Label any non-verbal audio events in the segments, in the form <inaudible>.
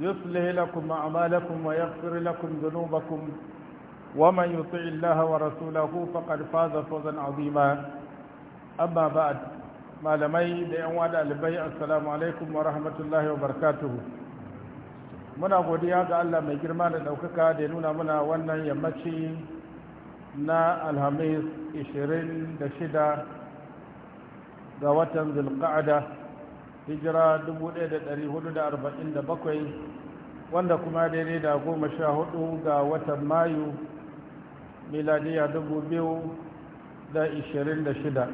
يصلح لكم أعمالكم ويغفر لكم ذنوبكم ومن يطع الله ورسوله فقد فاز فوزا عظيما أما بعد ما لمي بأنوال البيع السلام عليكم ورحمة الله وبركاته muna godiya ga Allah mai girma da ɗaukaka da nuna muna wannan yammaci na alhamis 26 ga watan zulqa'ada hijira 1447 wanda kuma daidai da goma sha hudu ga watan mayu miladiya 2026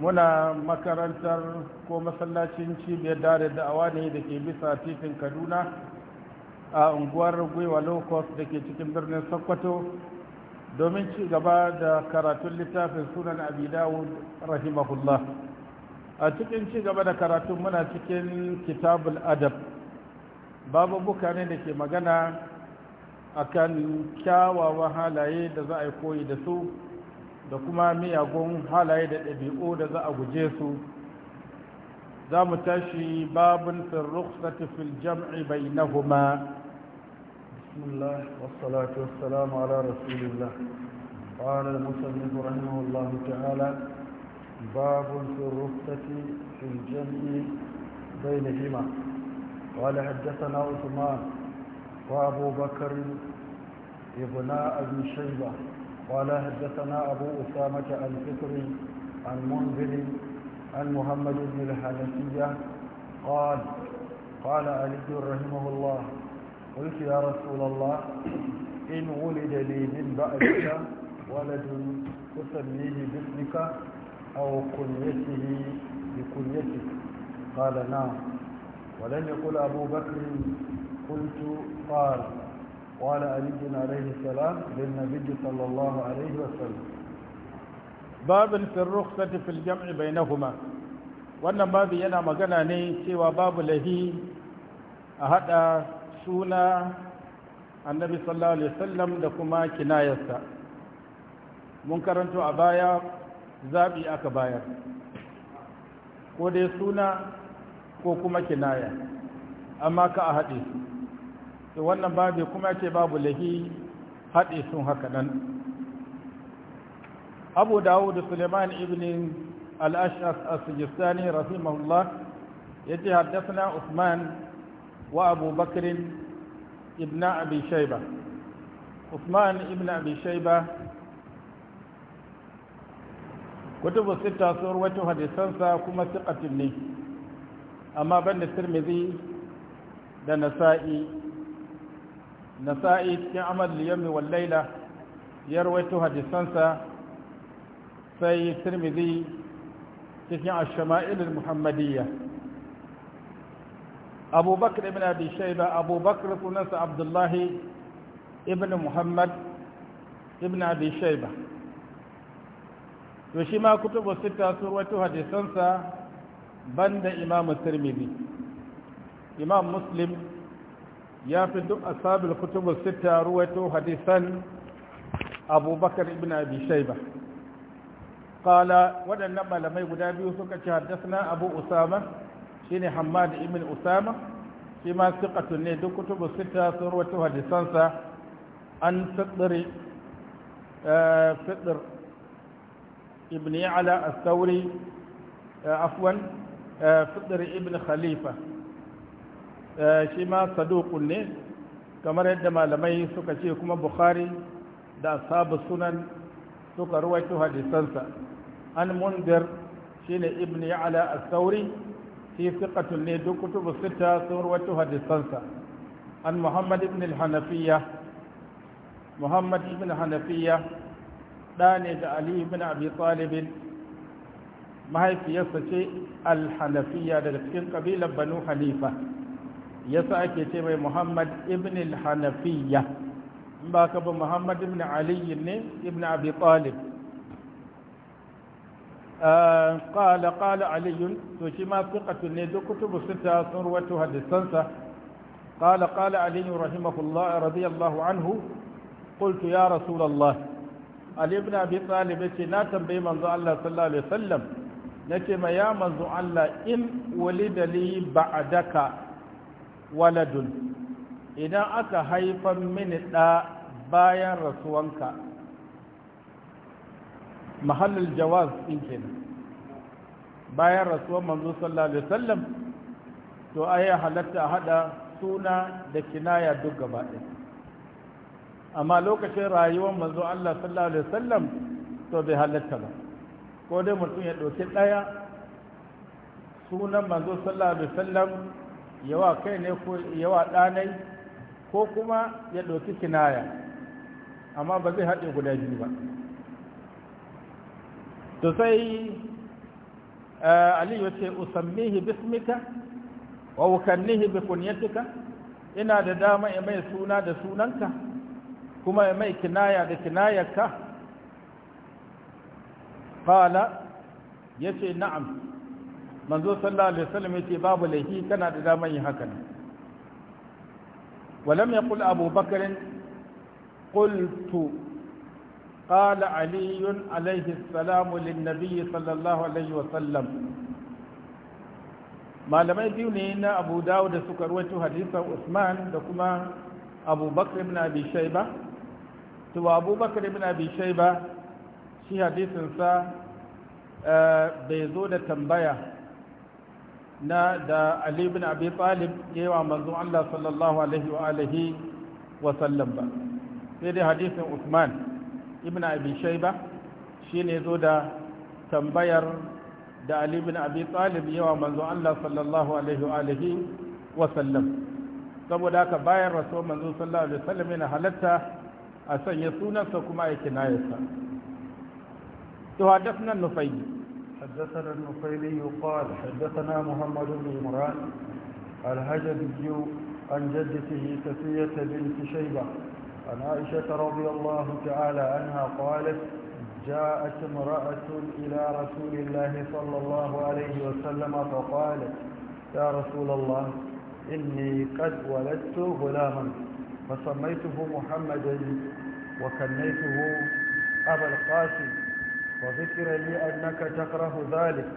muna makarantar ko masallacin cibiyar dare awa ne da ke bisa titin kaduna a unguwar gwiwa locust da ke cikin birnin sokoto domin ci gaba da karatun littafin sunan abidawun rahimahullah a cikin ci gaba da karatu muna cikin kitabul adab babu bukane da ke magana a kan kyawawan halaye da za a yi koyi da su da kuma miyagun halaye da ɗabi'u da za a guje su za mu tashi babin firruksati fil jam'i huma bismillah wassalatu ala ala باب في الرخصة في الجمع بينهما قال حدثنا عثمان وابو بكر ابن ابي شيبه قال حدثنا ابو اسامه عن فكر عن منذر عن محمد بن الحنفيه قال قال علي رحمه الله قلت يا رسول الله ان ولد لي من بعدك ولد تسميه باسمك أو كنيته بكنيته قال نعم ولم يقل أبو بكر قلت قال قال علي عليه السلام للنبي صلى الله عليه وسلم باب في الرخصة في الجمع بينهما وانا باب ينا مغناني سوى باب لهي أهدى سونا النبي صلى الله عليه وسلم لكما كنايسا منكرنتو أبايا zaɓi aka bayar ko dai suna ko kuma kinaya amma ka a haɗe su wannan babu kuma ce babu lahi haɗe sun haka nan abu dawud suleiman ibn al-ash'as as ya ce yace haddathana usman wa abu bakr ibn abi usman ibn abi kutubu sita sun ruwaito hadisansa kuma siƙatin ne amma banda tirmidhi da nasa'i nasa'i cikin amal liyami wallaila ya ruwaito hadisansa sai tirmidhi cikin ashama'ilin muhammadiyya abubakar ibn abi shaiba abubakar sunansa abdullahi ibn muhammad ibn abi to shi ma kutubu sita sun wato hadisansa banda imamu tirmidhi imam muslim ya fi duk a asabul kutubu sita ruwaito hadisan abubakar ibn abi shaiba Kala waɗannan malamai guda biyu suka ce haddasna abu usama shine hammad ibn usama shi ma siqatun ne duk kutubu sita sun ruwaito hadisansa an eh, fitr fitr ibn yala al-thawri eh, afwan eh, fidr ibn khalifa eh, shi ma saduqun ne kamar yadda malamai suka ce kuma bukhari da ashabu sunan suka ruwaito hadisansa an mundir shine ibn ala al-thawri shi thiqatun ne duk kutubu sita sun ruwaito hadisansa an muhammad ibn al muhammad ibn hanafiya ɗa ne Ali ibn Abi Talib mahaifiyarsa ce al-Hanafiya daga cikin kabilar Banu Hanifa yasa ake ce mai Muhammad ibn al-Hanafiya in ba ka ba Muhammad ibn Ali ne ibn Abi Talib قال قال علي وشما ثقة ندو كتب ستة ثروتها الدسنسة قال قال علي رحمه الله رضي الله عنه قلت يا رسول الله Ali ibn Abi Talib yace na tambayi manzo Allah sallallahu alaihi wasallam nace ma ya manzo Allah in walida li ba'daka waladun idan aka haifan mini da bayan rasuwanka mahallul jawaz din kenan bayan rasuwan manzo sallallahu alaihi wasallam to ayi halatta hada suna da kinaya duk gaba ɗaya amma lokacin rayuwar manzo Allah sallallahu alaihi wasallam to bai halatta ba ko dai mutum ya ɗauki ɗaya sunan manzo sallallahu alaihi wasallam yawa kai ne ko yawa ɗanai ko kuma ya ɗauki kinaya amma ba zai haɗe guda biyu ba to sai eh, aliyu ya ce usammihi bismika wa ukannihi bi kunyatika ina da dama ya mai suna da sunanka kuma mai kinaya da kinayarka qala yace na'am manzo sallallahu alaihi wasallam yace babu laifi kana da damar yin haka ولم يقل أبو بكر قلت قال علي عليه السلام للنبي صلى الله عليه وسلم ما لم يدينين أبو داود سكروة حديث عثمان لكما أبو بكر بن أبي شيبة su abubakar ibn abi shaiba shi hadisinsa eh, bai zo da tambaya na da ali bin abi talib yawa manzon Allah sallallahu alaihi wa alihi wa sallam ba sai dai hadisin Usman ibn abi shaiba shi ne zo da tambayar da ali bin abi talib yawa manzon Allah sallallahu alaihi wa alihi wa sallam saboda haka bayan rasul manzon sallallahu alaihi wa sallam yana halatta a sanya sunansa kuma ya kinayarsa حدثنا النفيلي يقال حدثنا محمد بن عمران الهجبي عن جدته سفية بنت شيبة عن عائشة رضي الله تعالى عنها قالت جاءت امرأة إلى رسول الله صلى الله عليه وسلم فقالت يا رسول الله إني قد ولدت غلاما فسميته محمدا وكنيته أبا القاسم وذكر لي أنك تكره ذلك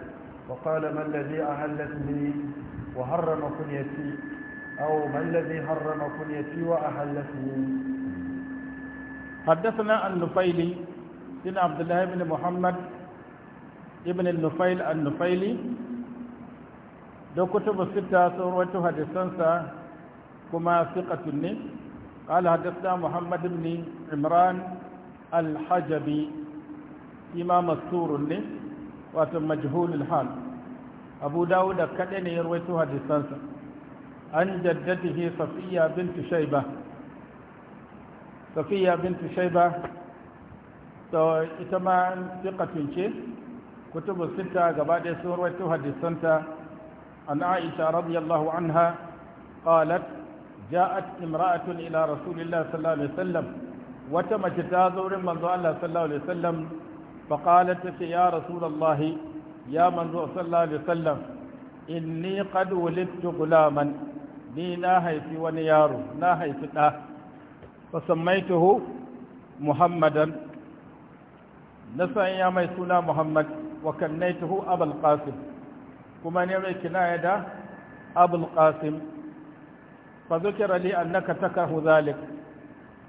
وقال ما الذي أهلتني وحرم كنيتي أو ما الذي حرم كنيتي وأهلتني حدثنا النفيلي بن عبد الله بن محمد ابن النفيل النفيلي دو كتب الستة سورة حديثا كما ثقة النفس قال حدثنا محمد بن عمران الحجبي فيما مستور لي وتم مجهول الحال أبو داود كدن يرويته حديثا عن جدته صفية بنت شيبة صفية بنت شيبة إتما ثقة شيء كتب الستة قبادة سور ويتوها ديسنتا عن عائشة رضي الله عنها قالت ja'at imra'atun ila rasulillahi sallallahu alaihi wasallam wata mace ta zo wurin manzo Allah sallallahu alaihi wasallam fa qalat ta ya rasulullahi ya manzo sallallahu alaihi wasallam inni qad wulidtu gulaman ni na haifi wani yaro na haifi da fa sammaituhu muhammadan na sanya mai suna muhammad wa kannaituhu abul qasim kuma ne mai kinaya da abul fa zukira li annaka takahu zalik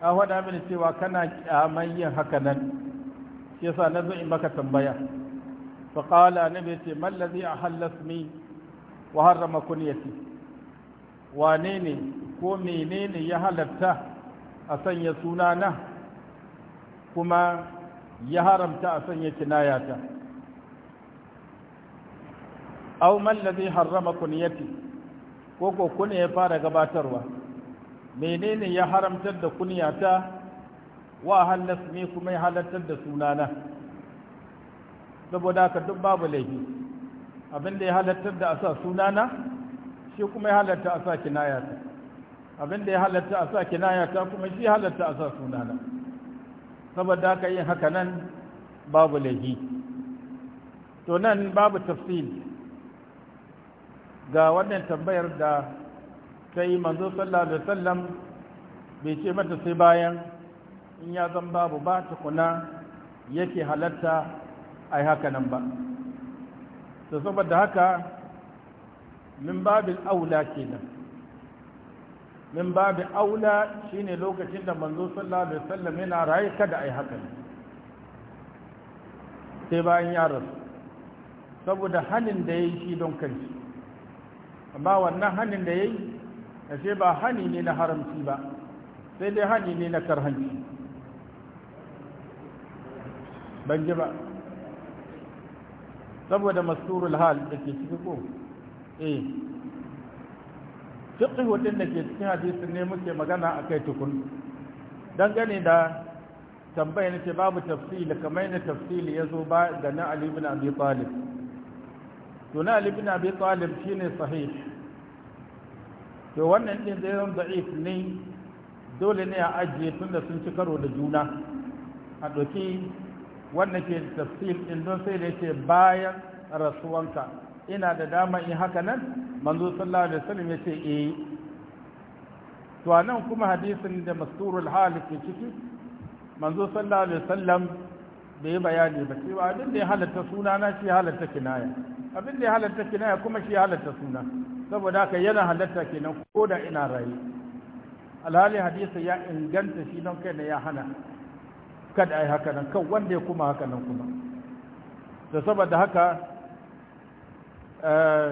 an faɗa mini cewa kana kyaman yin haka nan shi yasa na zo in maka tambaya fa qala annabi ce man ladhi ahalla ismi wa harrama kunyati wane ne ko menene ya halatta a sanya sunana kuma ya haramta a sanya kinayata aw man ladhi harrama kunyati ko ko kuna ya fara gabatarwa menene ya haramtar da kunyata wa halas ne kuma ya halartar da sunana saboda haka duk babu laifi abinda ya halartar da asa sunana shi kuma ya halarta asa kinayata abinda ya halarta asa kinayata kuma shi halarta asa sunana saboda haka yin haka nan babu laifi to nan babu tafsiri ga wannan tambayar da ta yi manzo sallallahu alaihi wasallam bai ce mata sai bayan in ya zan babu ba tukuna yake halatta a yi haka nan ba to saboda haka min babin aula kenan min babin aula shine lokacin da manzo sallallahu alaihi wasallam yana raye kada a yi haka sai bayan ya rasu saboda halin da ya yi shi don kanci. amma wannan hannun da ya yi ce ba hannun ne na haramci ba sai dai hannun ne na karhanci ban ji ba saboda masturul hal da ke ciki ko eh fiqhu hudun da ke cikin hadisun ne muke magana a kai tukun gani da tambayin ce babu tafsili kamar yana tafsili zo ba ga na alibin ibn Abi Talib tuna na Abi Talib ne sahih to wannan din zai zama da'if ne dole ne a ajiye tunda sun ci karo da juna a ɗauki wannan ke tafsir din don sai da yake bayan rasuwanka ina da dama in haka nan manzo sallallahu alaihi wasallam ya ce eh to anan kuma hadisin da masturul hal ke ciki manzo sallallahu alaihi wasallam da ya bayani ba ba abin da ya halatta suna na shi halatta kinaya abin da ya halatta kinaya kuma shi halatta suna saboda haka yana halatta kenan ko da ina raye alhali hadisi ya inganta shi don kai ne ya hana kada ai haka nan kan wanda ya kuma haka nan kuma da saboda haka eh,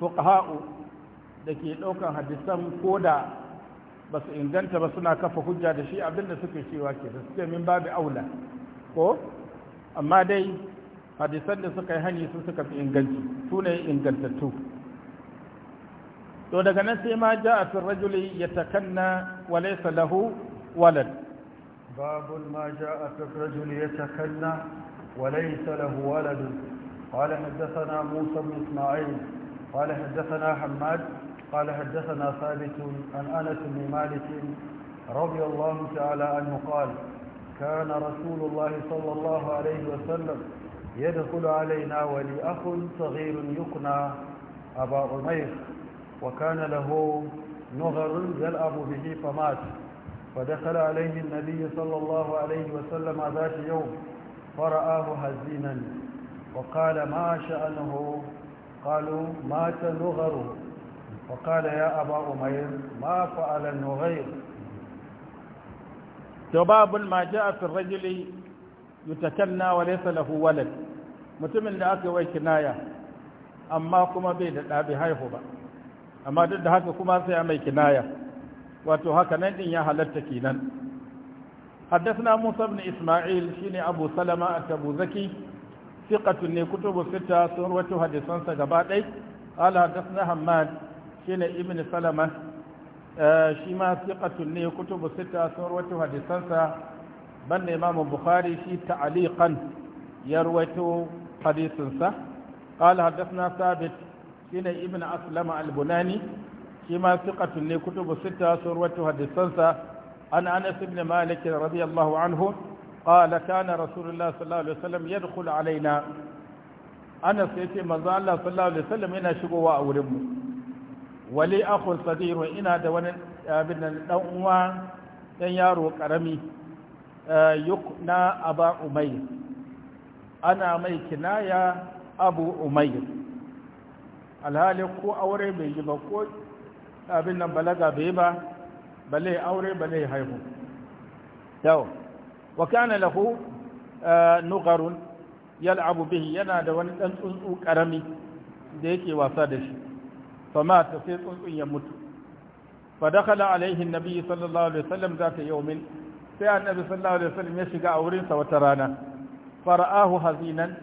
fuqaha'u da ke daukan hadisan ko da ba su inganta ba suna kafa hujja da shi abinda suke cewa ke da suke min babu aula ko amma dai hadisan da suka yi hanyar su suka fi inganci su ne ingantattu to daga nan sai ma ja a fin rajuli ya takanna wale salahu walad babun ma ja a fin rajuli ya takanna wale salahu walad قال حدثنا موسى بن اسماعيل قال حدثنا حماد قال حدثنا ثابت عن أنس بن مالك رضي الله تعالى عنه قال كان رسول الله صلى الله عليه وسلم يدخل علينا ولي أخ صغير يقنى أبا عمير وكان له نغر يلعب به فمات فدخل عليه النبي صلى الله عليه وسلم ذات يوم فرآه هزينا وقال ما شأنه قالوا مات نغره وقال يا أبا أمير ما فعل النغير جواب ما جاء في الرجل يتكنى وليس له ولد mutumin da aka wai kinaya amma kuma bai da ɗabi haihu ba amma duk da haka kuma sai mai kinaya wato haka nan din ya halatta kinan حدثنا موسى بن إسماعيل شين أبو سلمة أبو زكي ثقة كتب الستة سروة حديثا سجباتي قال حدثنا حماد shine ibn salama eh, shi ma siqatun ne kutubu sita sun rawaito hadisansa banda imam bukhari shi ta'aliqan ya rawaito hadisinsa qala haddathna sabit shine ibn aslama al-bunani shi ma siqatun ne kutubu sita sun rawaito hadisansa an anas ibn malik radiyallahu anhu قال كان رسول الله صلى الله عليه وسلم يدخل علينا anas ya ce manzo Allah sallallahu alaihi wasallam yana shigowa a wurin mu wali akhul sadiru ina da wani abin dan uwa dan yaro karami eh, yukna aba umayr ana mai kinaya abu umayr alhali ko aure bai yi ba ko abin nan balaga bai ba bale aure bale haihu yau wa kana lahu eh, nugharun yal'abu bihi yana da wani dan tsuntsu karami da yake wasa da shi famata sai tsuntsun ya mutu fa dakhala alaihi nabi sallallahu alaihi wasallam zata yawmin sai annabi sallallahu alaihi wasallam ya shiga a wurin sa wata rana fara'ahu hazinan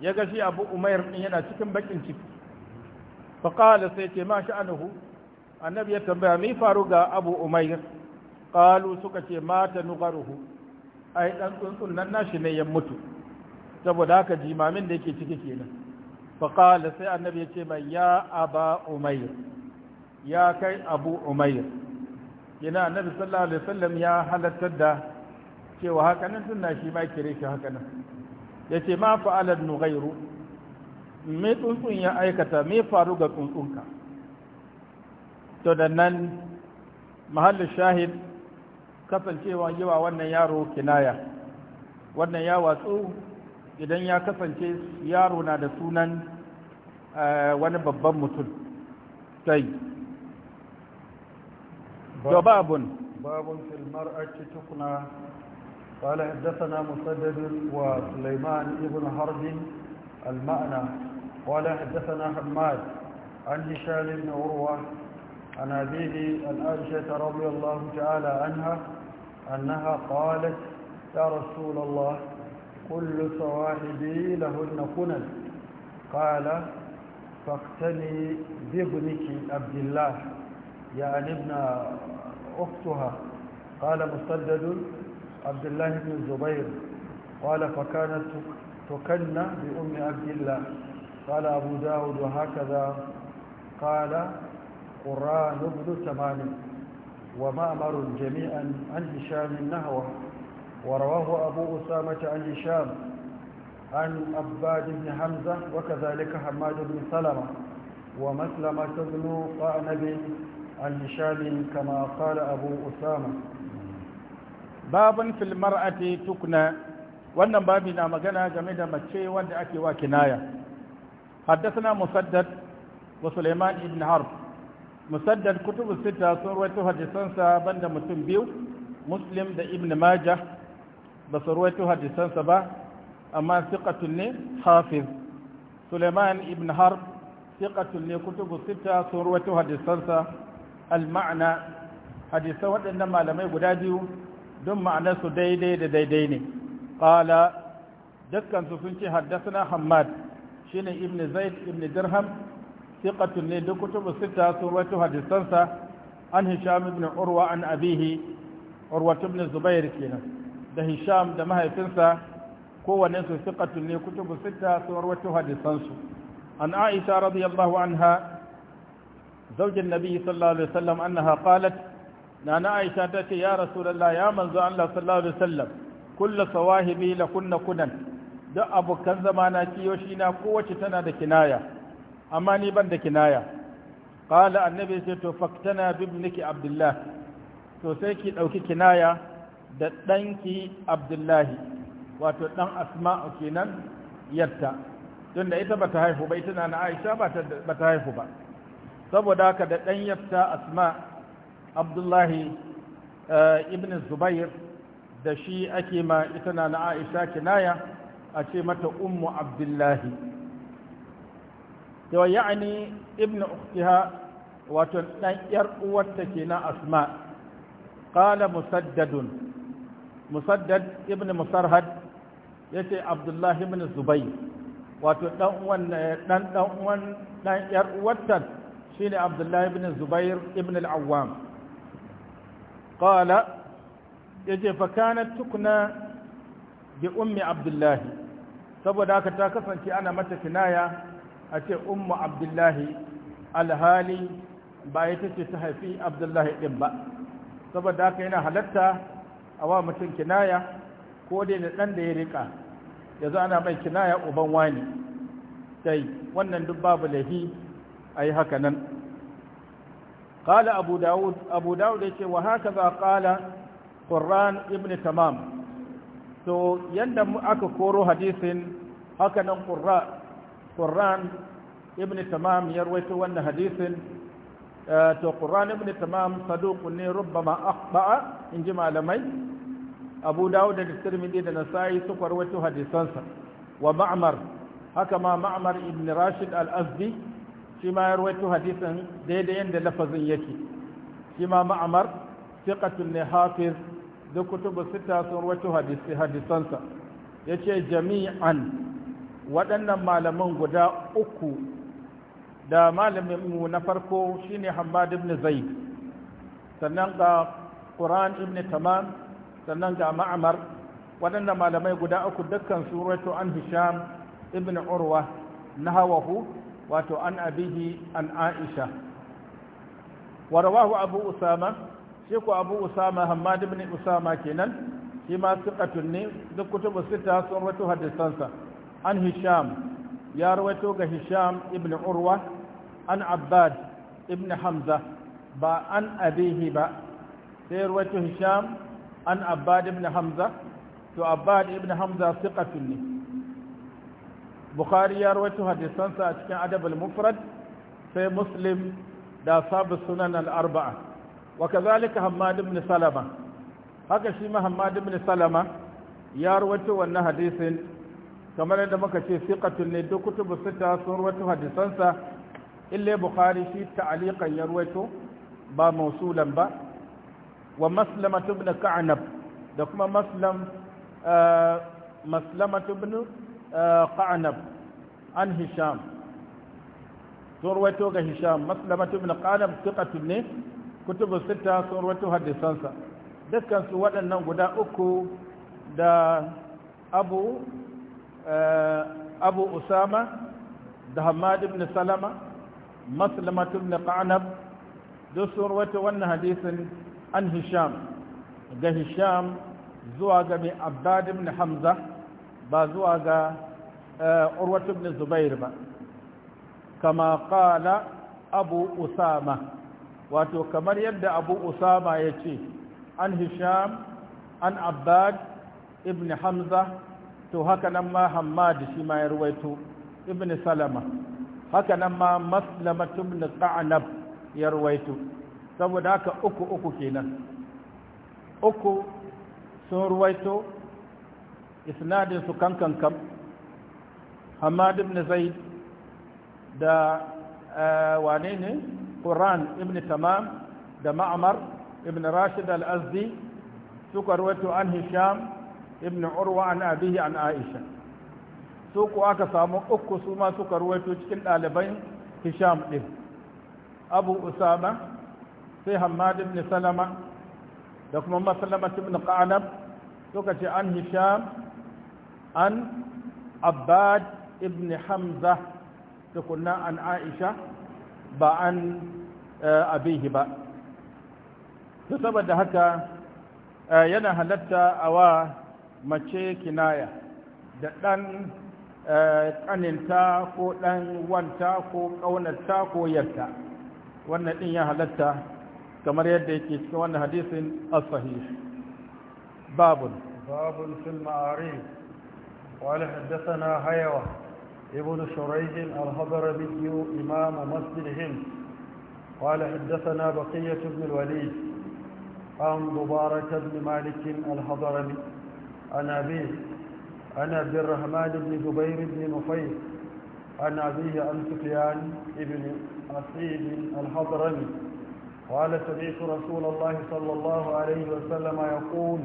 ya ga shi abu umair din yana cikin bakin ciki fa qala sai ce ma sha'anuhu annabi ya tambaya me faru ga abu umair qalu suka ce mata nugaruhu ai dan tsuntsun nan nashi ne ya mutu saboda haka jimamin da yake ciki kenan faƙala sai annabi ya ce mai ya aba umair ya kai abu umair yana annabi sallallahu alaihi wasallam ya halartar da cewa hakanan tunna shi ma kire shi hakanan ya ce ma fa'alar nugairu me tsuntsun ya aikata mai faru ga tsuntsunka to da nan mahallin shahid kasancewa yawa wannan yaro kinaya wannan ya watsu idan ya kasance yaro na da sunan eh, wani babban mutum sai babun babun filmar ake tukuna قال حدثنا مسدد وسليمان ابن حرب المعنى قال حدثنا حماد عن هشام بن عروه عن أبيه عن عائشة رضي الله تعالى عنها أنها قالت يا رسول الله كل صواحبي لهن كنز قال فاقتني بابنك عبد الله يعني ابن أختها قال مسدد عبد الله بن الزبير قال فكانت تكن بأم عبد الله قال أبو داود وهكذا قال قران بن ثمان ومأمر جميعا عن هشام النهوه ورواه أبو أسامة عن هشام عن عباد بن حمزة وكذلك حماد بن سلمة ومسلمة بن قعنب عن هشام كما قال أبو أسامة باب في المرأة تكنى wannan babi na magana game da mace wanda ake wa kinaya حدثنا مسدد وسليمان بن حرب مسدد كتب الستة سورة حديثان بند مسلم بيو مسلم ده ابن ماجه ba su ruwaito hadisansa ba amma siƙatun ne hafiz suleiman ibn harb siƙatun ne kutubu sita sun ruwaito hadisansa al-ma'ana hadisan waɗannan malamai guda biyu don ma'anarsu daidai da daidai ne ƙala dukkansu sun ce haddasa hamad shi ne ibn zaid ibn dirham siƙatun ne duk kutubu sita sun ruwaito hadisansa an hisham ibn urwa an abihi urwa ibn zubair kenan da hisham da mahaifinsa kowane su siƙatun ne kutubu sita sun rawaito hadisansu an aisha radiyallahu anha zaujin nabi sallallahu alaihi wasallam annaha qalat nana aisha ta ce ya rasulullah ya manzo Allah sallallahu alaihi wasallam kullu sawahibi la kunna kunan duk abokan zamana shi na kowace tana da kinaya amma ni ban da kinaya qala annabi sai to faktana bi ibniki abdullah to sai ki dauki kinaya da ɗanki abdullahi wato ɗan asma'u kenan yarta don da ita bata haihu ba ita na na aisha bata haihu ba saboda haka da ɗan yarta asma abdullahi eh, ibn zubair da shi ake ma ita na na aisha kinaya a ce mata ummu abdullahi to ya'ani ibn ukhtiha wato ɗan yar uwarta kenan asma qala musaddadun musaddad ibn musarhad yace abdullahi ibn zubayr wato ɗan ɗan dan dan uwan dan shine abdullahi ibn zubair ibn al-awwam qala yace fa kanat bi ummi abdullahi saboda haka ta kasance ana mata kinaya a ce ummu abdullahi alhali ba ita ce ta haifi abdullahi ɗin ba saboda haka yana halatta a wa mutum kinaya ko dai da ɗan da ya riƙa ya zo ana mai kinaya uban wani sai wannan duk babu lahi a yi haka nan Abu ya ce wa wa haka za ƙala قران Ibn Tamam? to yanda aka koro hadisin haka nan qurra ibn tamam ya rawaito wannan hadisin Eh, to Qur'an ibn Tamam saduq ne rubbama akhta'a in ji malamai Abu Dawud da Tirmidhi da Nasa'i suka rawaito hadisansa wa Ma'mar haka ma Ma'mar ibn Rashid al-Azdi shi ma ya rawaito hadisan daidai yanda lafazin yake shi ma Ma'mar thiqatun ne hafiz da kutubu sita sun rawaito hadisansa yace jami'an waɗannan malaman guda uku da malaminmu na farko shine Hammad ibn Zaid sannan ga Quran ibn Tamam sannan ga Ma'mar waɗannan malamai guda uku dukkan suratu an Hisham ibn Urwa nahawahu wato an abihi an Aisha wa rawahu Abu Usama shi ko Abu Usama Hammad ibn Usama kenan shi ma sukatun ne duk kutubu sita sun rawaito hadisansa an Hisham ya rawaito ga Hisham ibn Urwa an abbad ibn hamza ba an abihi ba sai ruwatu hisham an abbad ibn hamza to abbad ibn hamza siqatun ne bukhari ya ruwatu hadisansa a cikin adab al-mufrad sai muslim da sabu sunan al-arba'a wa kazalika hammad ibn salama haka shi ma hammad ibn salama ya ruwatu wannan hadisin kamar yadda muka ce siqatun ne duk kutubu sita sun ruwatu hadisansa illa bukhari shi ta'aliqan ya ruwaito ba mausulan ba wa maslamatu ibn ka'nab da kuma maslam maslamatu ibn ka'nab an hisham sun ruwaito ga hisham maslamatu ibn ka'nab thiqatun ne kutubu sita sun ruwaito hadisansa dukkan su waɗannan guda uku da abu abu usama da hamad ibn salama مسلمة بن قعنب دسر وتون حديث عن هشام ده هشام زواج من عباد بن حمزة بزواج عروة بن زبير كما قال أبو أسامة wato kamar yadda abu usama ya ce an hisham an abbad ibn hamza to hakanan nan ma hamad shi ma ya ruwaito ibn salama haka nan ma maslamatum na sa'anab ya ruwaito saboda haka uku uku kenan uku sun ruwaito isnadin su kankan kam hamad ibn zaid da eh, wane ne quran ibn tamam da ma'amar ibn rashid al-azdi suka ruwaito an hisham ibn urwa an abihi an aisha su ko aka samu uku su ma suka ruwaito cikin ɗaliban hisham ɗin abu usama sai hamad ibn salama da kuma masalama ibn qanab suka ce an hisham an abbad ibn hamza tukunna an aisha ba an eh, abihi ba su saboda haka eh, yana halatta a wa mace kinaya da ɗan ƙaninta ko ɗan wanta ko ƙaunarta ko yarta wannan ɗin ya halatta kamar yadda yake cikin wannan hadisin as-sahih babun babun fil ma'arif قال حدثنا هيوة ابن شريج الهضرمي إمام مسجد هند قال حدثنا بقية بن الوليد عن مبارك بن مالك الهضرمي عن أبيه عن عبد الرحمن بن جبير بن نفيس عن أبيه عن سفيان بن أسيد الحضرمي قال سمعت رسول الله صلى الله عليه وسلم يقول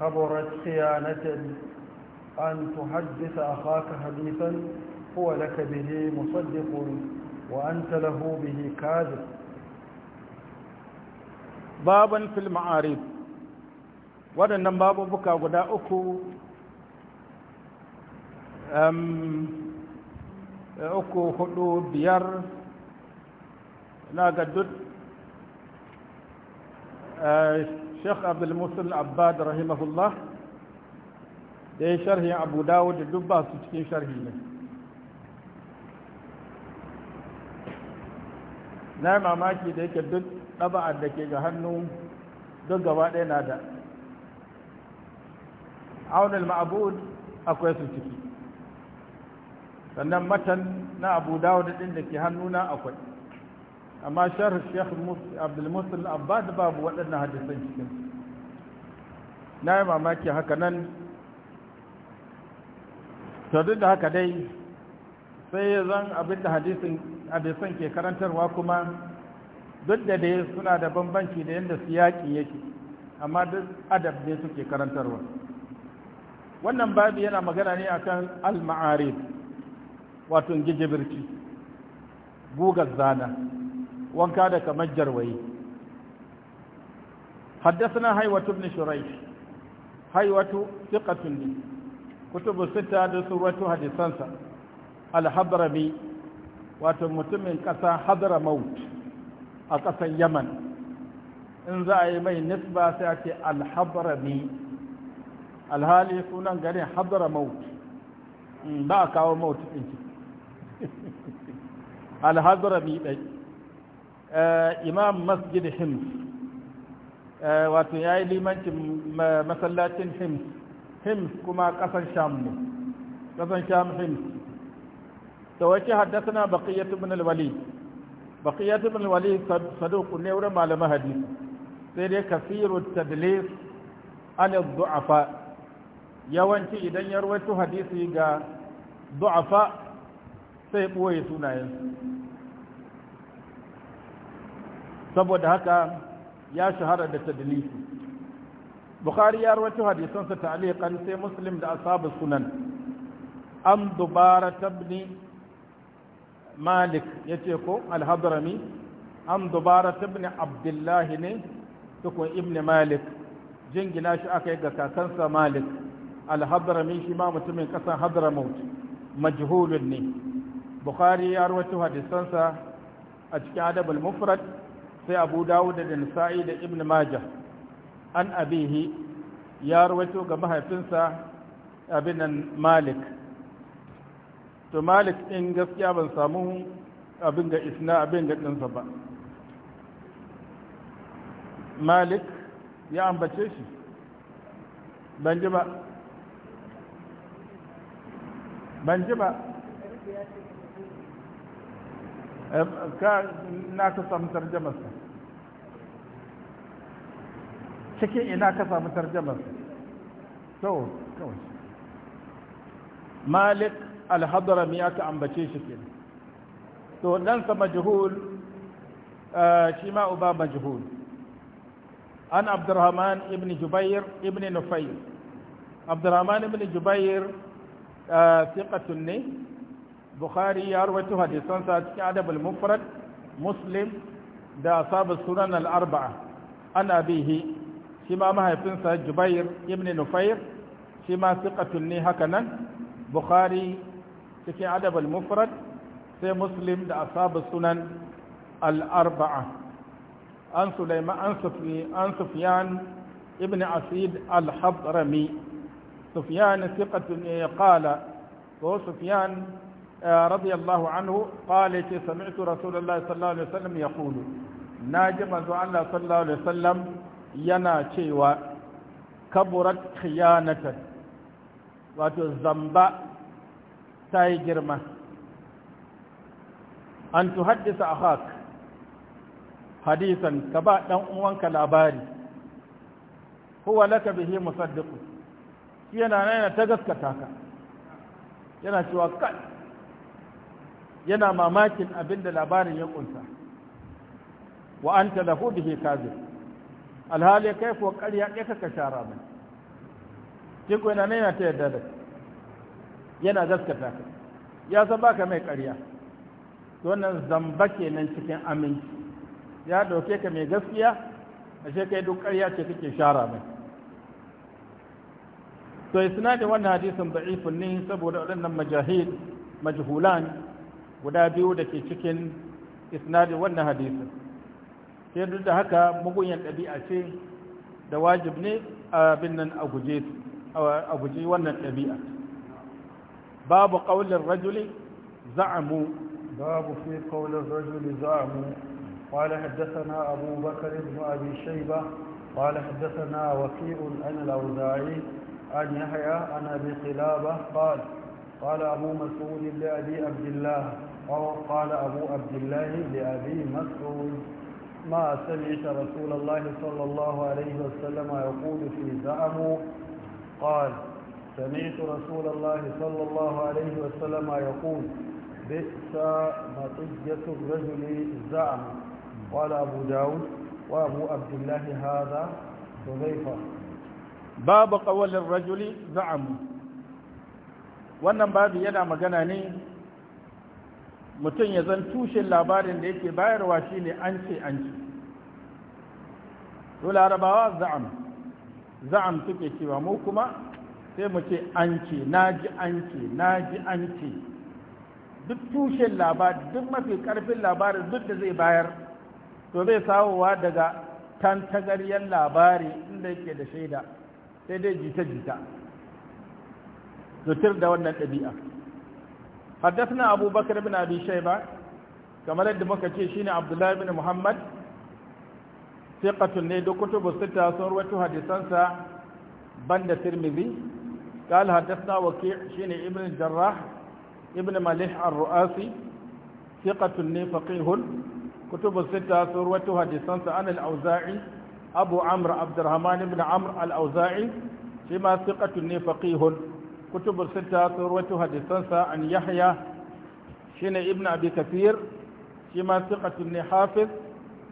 كبرت خيانة أن تحدث أخاك حديثا هو لك به مصدق وأنت له به كاذب بابا في المعارف بابا بكا guda أكو uku hudu biyar na ga duk eh, sheikh abdulmusul abbad rahimahullah da ya sharhi abu dawo da duk ba su cikin sharhi ne na yi mamaki da yake duk ɗaba'ar da ke ga hannu duk gaba ɗaya na da aunil ma'abud akwai su ciki sannan matan na abu da ɗin da ke hannuna akwai amma sharh sheikh abdulmusul da babu waɗannan hadisan cikin na yi mamaki haka nan duk da haka dai sai zan abin da hadisan ke karantarwa kuma duk da dai suna da bambanci da yadda su yaƙi yake amma duk adab ne suke karantarwa wannan babu yana magana ne akan al-ma'arif wato gijibirci gugar zana wanka da kamar jarwai. haddasa haiwatu ibn shuraish haiwatu thiqatun li kutubu sita da suratu hadisansa al-habrami wato mutumin kasa hadra maut a kasan yaman in za a yi mai nisba sai a ce al-habrami alhali sunan garin hadra maut hmm, ba a kawo maut ɗin ciki <laughs> alhadrami ɗai eh, imam masjid hims eh, wato ya yi limancin masallacin hims hims kuma ƙasar sham ne ƙasar sham hims Ta wace haddasa baƙiyyatu bin alwali baƙiyyatu bin alwali saduku ne wurin malaman hadisi sai dai kasiru tadlis an du'afa yawanci idan ya rawaito hadisi ga du'afa sai ɓoye sunayensu saboda haka ya shahara da tadlisi bukhari ya rawaito hadisansa ta'liqan sai muslim da ashabu sunan an dubara tabni malik yace ko al-hadrami an dubara tabni abdullah ne tukun ibn malik jingina shi aka yi ga kakansa malik alhadrami shi ma mutumin kasan hadramaut majhulun ne bukhari ya rawaito hadisansa a cikin adabul mufrad sai abu dawud da nisa'i da ibn majah an abihi ya rawaito ga mahaifinsa abin malik to malik din gaskiya ban samu abin ga isna abin ga dinsa ba malik ya ambace shi ban ji ba ban ji ba مالك الحضر مياك عم بتشيش كده تو ننسى مجهول آه، شماء أبا مجهول أنا عبد الرحمن ابن جبير ابن نفيل عبد الرحمن ابن جبير آه، ثقة النيل bukhari ya rawaito hadisansa cikin adabul mufrad muslim da sabu sunan al-arba'a an abihi shi ma mahaifinsa jubair ibn nufair shi ma siqatun ne haka nan bukhari cikin adabul mufrad sai muslim da asabu sunan al-arba'a an sulaiman an sufyan ibn asid al-hadrami sufyan ya qala ko sufyan رضي الله عنه قال سمعت رسول الله صلى الله عليه وسلم يقول ناجم الله صلى الله عليه وسلم ينا شيوا كبرت خيانة وتزنب تاي جرمة أن تحدث أخاك حديثا كبا أموانك الأباري هو لك به مصدق yana nan yana ta gaskata ka yana cewa kai yana mamakin abin da labarin ya kunsa wa anta lahu bihi kazib alhali kai ko ƙarya ɗaya kaka shara mai kin ko yana yana ta yadda yana gaskata ka ya san baka mai ƙarya to wannan zamba kenan cikin aminci ya ɗauke ka mai gaskiya ashe kai duk ƙarya ce kake shara mai to isnadin wannan hadisin da'ifun ne saboda waɗannan majahid majhulan guda biyu da ke cikin isnadin wannan hadisin sai duk da haka mugunyan ɗabi'a ce da wajib ne abin nan a guje a guji wannan ɗabi'a babu ƙaunar rajuli za'amu babu fi ƙaunar rajuli za'amu قال حدثنا أبو بكر بن أبي شيبة قال حدثنا وكيع عن الأوزاعي عن يحيى عن أبي قلابة قال قال أبو مسعود لأبي عبد الله قال أبو عبد الله لأبي مسعود ما سمعت رسول الله صلى الله عليه وسلم يقول في زعمه قال سمعت رسول الله صلى الله عليه وسلم يقول بئس مطية الرجل زعم قال أبو داود وأبو عبد الله هذا حذيفة باب قول الرجل زعم wannan babu yana magana ne mutum ya zan tushen labarin da yake bayarwa shi ne an ce an ce to larabawa za'am za'am suke cewa mu kuma sai mu ce an ce na ji an ce na ji an ce duk tushen labarin duk mafi karfin labarin duk da zai bayar to zai sawowa daga tantagaryen labari inda yake da shaida sai dai jita-jita zutar da wannan ɗabi'a حدثنا أبو بكر بن أبي شيبة كما لد مكتشي شين عبد الله بن محمد ثقة نيدو كتب الستة سنروة حديثانسا بند الترمذي قال حدثنا وكيع شين ابن الجراح ابن مليح الرؤاسي ثقة فقيه كتب الستة سنروة حديثانسا عن الأوزاعي أبو عمرو عبد الرحمن بن عمرو الأوزاعي فيما ثقة فقيه kutubur sita sun ruwaito hadisansa an yahya shi ne ibn abi kafir shi ma siqatun ne hafiz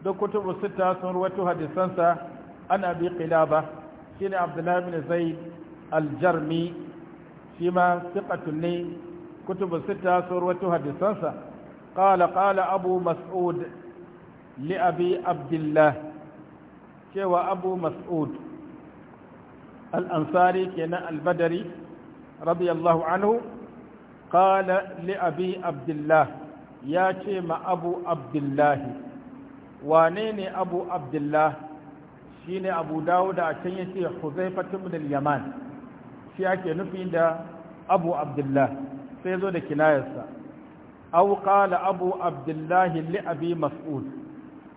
duk kutubur sita sun ruwaito hadisansa an abi shi ne Abdullahi ibn zaid al-jarmi shi ma siqatun ne kutubur sita sun ruwaito hadisansa qala qala abu mas'ud li abi abdullah cewa abu mas'ud al-ansari kenan albadari. رضي الله عنه قال لأبي عبد الله يا شيم أبو عبد الله وانيني أبو عبد الله شيني أبو داود أشيني حذيفة من اليمن shi ake nufin da abu abdullah sai zo da kinayarsa au qala abu abdullahi li abi mas'ud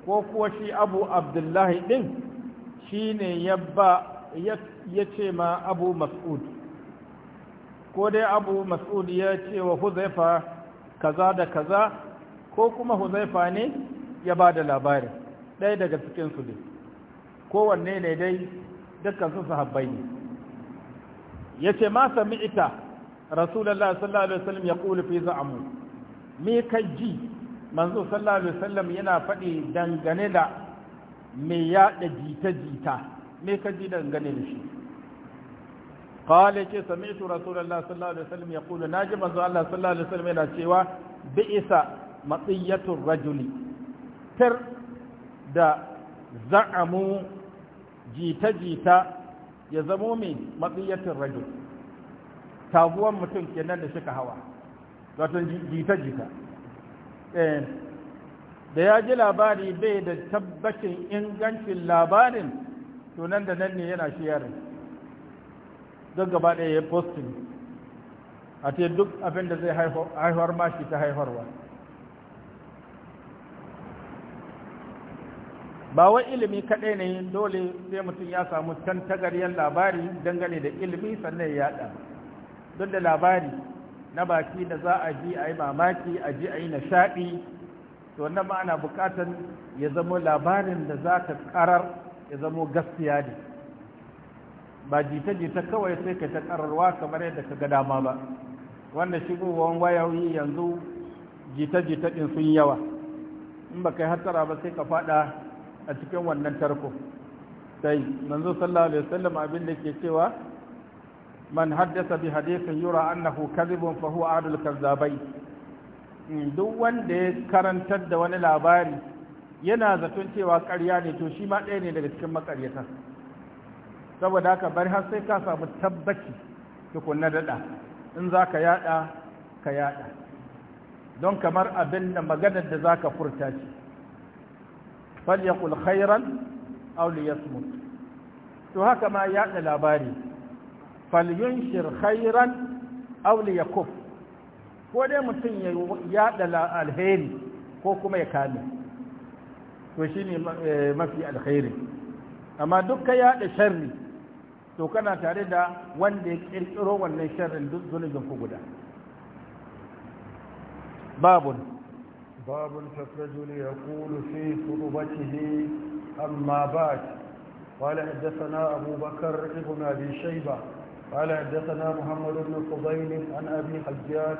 ko kuwa shi abu abdullahi din shine ya ya ce ma abu mas'ud ko dai abu mas'ud ya ce wa huzaifa kaza da kaza ko kuma huzaifa ne ya ba da labari ɗaya daga cikinsu ne kowanne ne dai dukkan su sahabbai ne ya ce ma sami ita rasulallah sallallahu alaihi wasallam ya ƙulu fi za'amu me ka ji manzo sallallahu alaihi wasallam yana faɗi dangane da me yaɗa jita-jita me ka ji dangane da shi قال يجي سمعت رسول الله صلى الله عليه وسلم يقول ناجم رسول الله صلى الله عليه وسلم إلى بئس مطية الرجل تر دا زعموا جيتا جيتا من مطية الرجل تابوا متن كنان شك هوا wato jita-jita da ya ji labari bai da tabbacin ingancin labarin nan da nan ne yana shi yaran don gaba ɗaya ya posting a ce duk abin da zai haihuwar mashi ta haihuwarwa ba wai ilimi kaɗai ne dole sai mutum ya samu tantagaryen labari dangane da ilimi sannan ya yaɗa duk da labari na baki da za a ji a yi mamaki a ji a yi nishaɗi to wannan ma ana buƙatar ya zamo labarin da za ta ƙarar ya zama gaskiya ne ba jita-jita kawai sai ka ta ƙararwa kamar yadda ka ga dama ba wanda shigowar wayoyi yanzu jita-jita din sun yawa in ba kai hatsara ba sai ka faɗa a cikin wannan tarko sai manzo sallallahu alaihi wasallam abin da ke cewa man haddasa bi hadithin yura annahu kadhibun fa huwa adul kazzabai hmm, duk wanda ya karantar da wani labari yana zaton cewa ƙarya ne to shi ma ɗaya ne daga cikin makaryata saboda haka bari har sai ka samu tabbaci tukunna dada, in za ka yada ka yada, don kamar abin da maganar da za ka furta ci falyakul khairan auli yasmut to haka ma yaɗa labari falyunshir khairan auli yakuf ko dai mutum ya yada alheri ko kuma ya kame to shine eh, mafi alheri amma duk ka yaɗa sharri to kana tare da wanda ya kirkiro wannan sharrin duk zunubin ku guda babun babun tafrajul yaqulu fi khutbatihi amma ba'd قال حدثنا أبو بكر ابن أبي شيبة قال حدثنا محمد بن فضيل عن أبي حجاج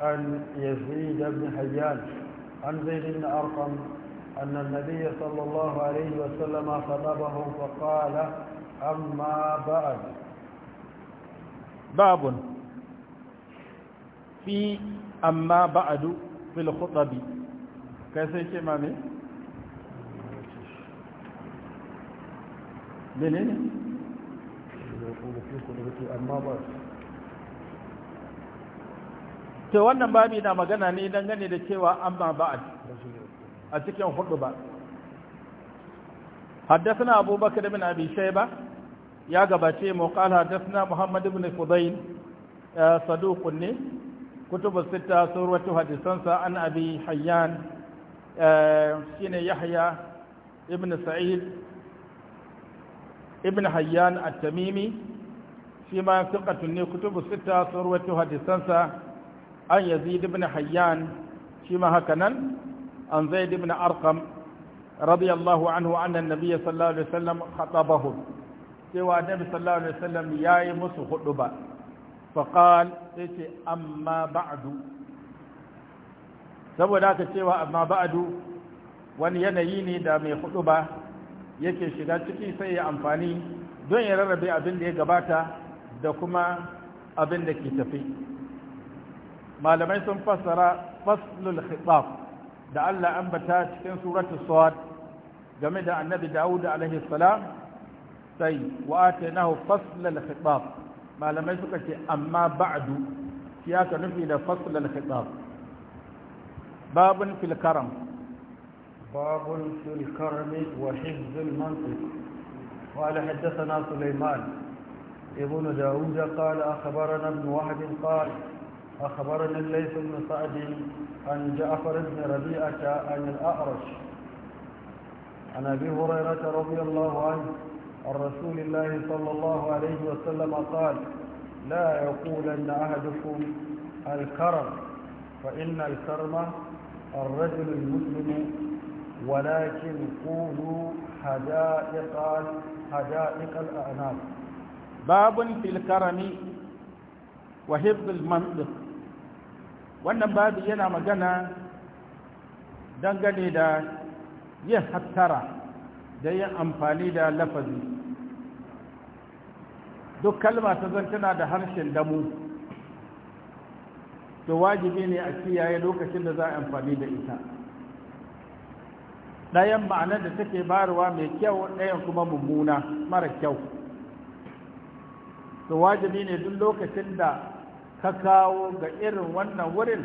عن يزيد بن حيان عن زيد بن أرقم أن النبي صلى الله عليه وسلم خطبهم فقال أما بعد باب في أما بعد في الخطب كيف سيكون من اين to wannan babi na magana ne dangane da cewa amma ba'd a cikin hudu ba haddathana abubakar bin abi ba. ya gabace mu qal hadathna muhammad ibn fudayl saduqun ne sita surwatu hadisan sa an abi hayyan shine yahya ibn sa'id ibn hayyan at-tamimi shi ma thiqatun ne sita surwatu hadisan sa an yazid hakanan an ibn arqam radiyallahu anhu anna an sallallahu alaihi wasallam khatabahu cewa annabi sallallahu alaihi wasallam yayi musu hudu ba faqal sai ce amma ba'du saboda haka cewa amma ba'du wani yanayi ne da mai hudu ba yake shiga ciki sai ya amfani don ya rarrabe abin da ya gabata da kuma abin da ke tafi malamai sun fassara faslul khitab da Allah ambata cikin suratul sawad game da annabi Dawud alaihi salam sai wa atainahu fasl al-khitab malamai suka ce amma ba'du ya ka nufi da fasl al-khitab babun fil karam babun fil karam wa hifz al wa قال حدثنا سليمان ابن داود قال أخبرنا ابن وهب قال أخبرنا الليث بن سعد عن جعفر بن ربيعة عن الأعرج عن أبي هريرة رضي الله عنه عن رسول الله صلى الله عليه وسلم قال لا يقولن أحدكم الكرم فإن الكرم الرجل المسلم ولكن قولوا حدائق حدائق الأعناق باب في الكرم وحفظ المنطق wannan babu yana magana dangane da yin hattara da yin amfani da duk kalma ta zan tana da harshen damu to wajibi ne a kiyaye lokacin da za a amfani da ita ɗayan ma'anar da take bayarwa mai kyau ɗayan kuma mummuna mara kyau to wajibi ne duk lokacin da ka kawo ga irin wannan wurin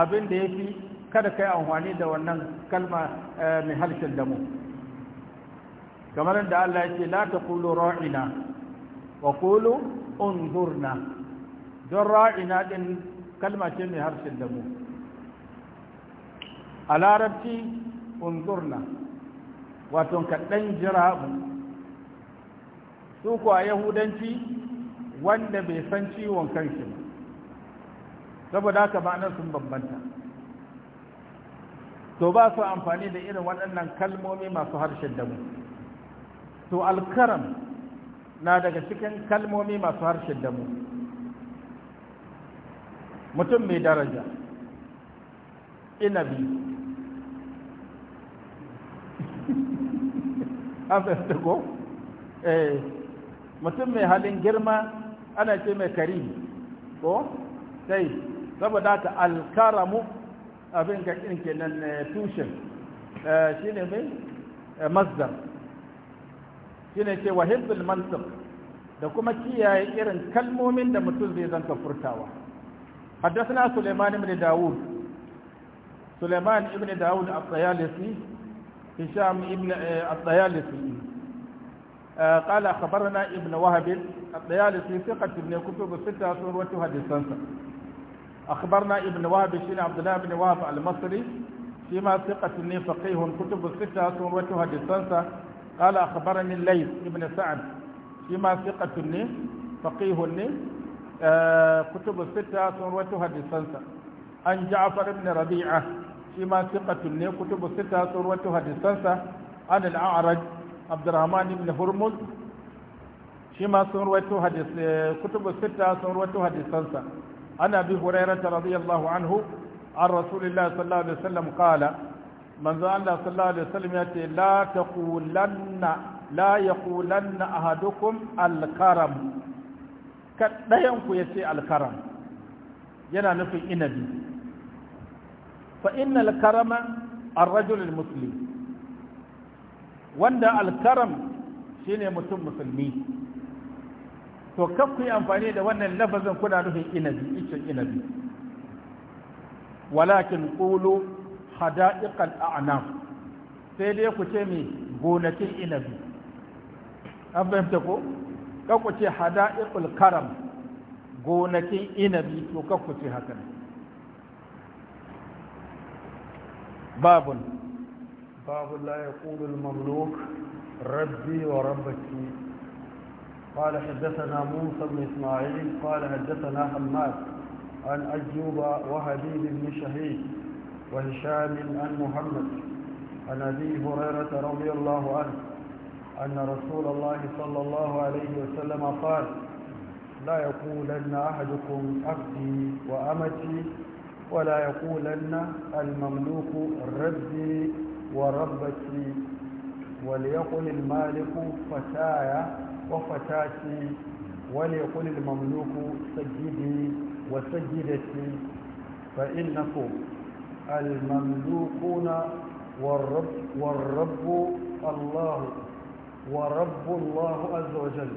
abin da ya fi kada ka yi amfani da wannan kalma eh, mai harshen damu kamar da Allah ya ce la ta ra'ina wa qulu don ra'ina din kalma ce mai harshen damu a larabci unzurna wato kaɗan jira mu su kuwa yahudanci wanda bai san ciwon kanshi ba saboda haka ma'anar sun bambanta to ba su amfani da irin waɗannan kalmomi masu harshen damu to alkaram na daga cikin kalmomi masu harshen damu mutum mai daraja inabi afirka <laughs> ko eh mutum mai halin girma ana ce mai kari ko sai saboda ta alkaramu abin ga ka kenan eh, tushen eh, shi ne mai eh, masdar shine ce wa mansub da kuma kiyaye irin kalmomin da mutum zai zanta furtawa haddathna Sulaiman ibn Dawud Sulaiman ibn Dawud al-Tayalisi Hisham ibn al-Tayalisi قال خبرنا ابن وهب الطيالسي ثقة ابن كتب الستة سورة حديثا أخبرنا ابن وهب شين عبد الله بن وهب المصري فيما ثقة ابن فقيه كتب الستة سورة حديثا قال أخبرني الليث ابن سعد فيما ثقة لي فقيه لي آه كتب الستة سروتها حديثا عن جعفر بن ربيعة فيما ثقة لي كتب الستة سروتها حديثا عن الأعرج عبد الرحمن بن هرمز فيما سروته حديث كتب الستة سروته حديثا عن أبي هريرة رضي الله عنه عن رسول الله صلى الله عليه وسلم قال manzo Allah sallallahu alaihi wasallam ya ce la taqulanna la yaqulanna ahadukum alkaram kadayan ku yace alkaram yana nufin inabi fa innal karama ar-rajul wanda alkaram shine mutum musulmi to kafu amfani da wannan lafazin kuna nufin inabi inabi walakin qulu حدائق الأعناق تيلي كتيمي غونتي إنبي أفهم تقول كوكتي حدائق الكرم غونتي إنبي وكوكتي هكذا باب باب لا يقول المملوك ربي وربتي قال حدثنا موسى بن اسماعيل قال حدثنا حماد عن أجوبة وهديد بن شهيد وهشام عن محمد عن أبي هريرة رضي الله عنه أن رسول الله صلى الله عليه وسلم قال لا يقولن أحدكم عبدي وأمتي ولا يقولن المملوك ربي وربتي وليقل المالك فتايا وفتاتي وليقل المملوك سجدي وسجدتي فإنكم المملوكون والرب, والرب الله ورب الله عز وجل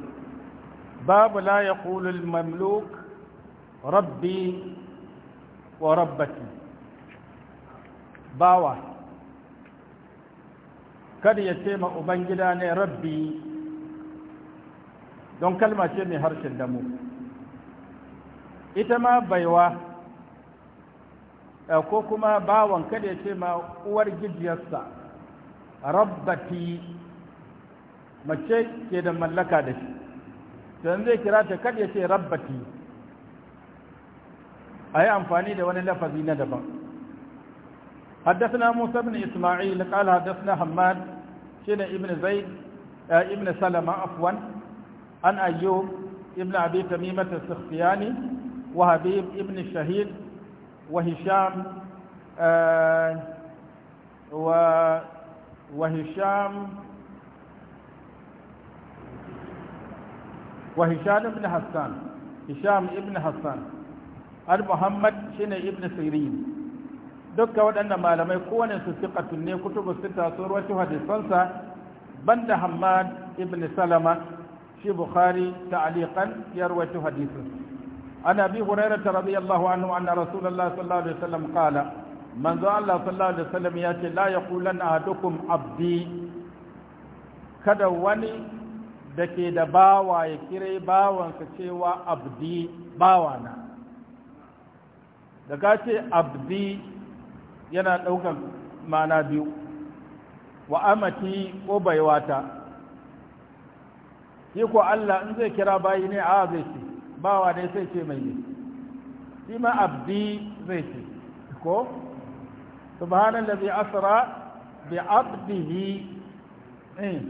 باب لا يقول المملوك ربي وربتي باوا kada ya ce ma Ubangida ne rabbi don kalma ce mai harshen damu ita ma baiwa Eh, ko kuma bawan kada ya ce ma uwar gijiyarsa rabbati mace ke da mallaka da shi don zai kira ta kada ya ce rabbati a yi amfani da wani lafazi na daban حدثنا موسى بن إسماعيل قال حدثنا حماد شين ابن زيد ابن سلمة عفوا عن Ibn ابن أبي تميمة السختياني وحبيب ابن الشهيد وهشام آه، و وهشام وهشام ابن حسان هشام ابن حسان ال محمد شنو ابن سيرين دوكا ودنا ما لم يكون ثقة ني كتب الستة سورة حديثاً بند حماد ابن سلمة في بخاري تعليقا يروي حديثاً عن أبي هريرة رضي الله عنه أن رسول الله صلى الله عليه وسلم قال من ذا الله صلى الله عليه وسلم يأتي لا يقولن أحدكم عبدي kada wani da ke da bawa ya kire bawansa cewa abdi bawana daga ce abdi yana ɗaukar mana biyu wa amati ko baiwata shi ko Allah in zai kira bayi ne a zai ce bawa dai sai ce mai ne shi ma abdi zai ce ko subhanallazi asra bi abdihi eh,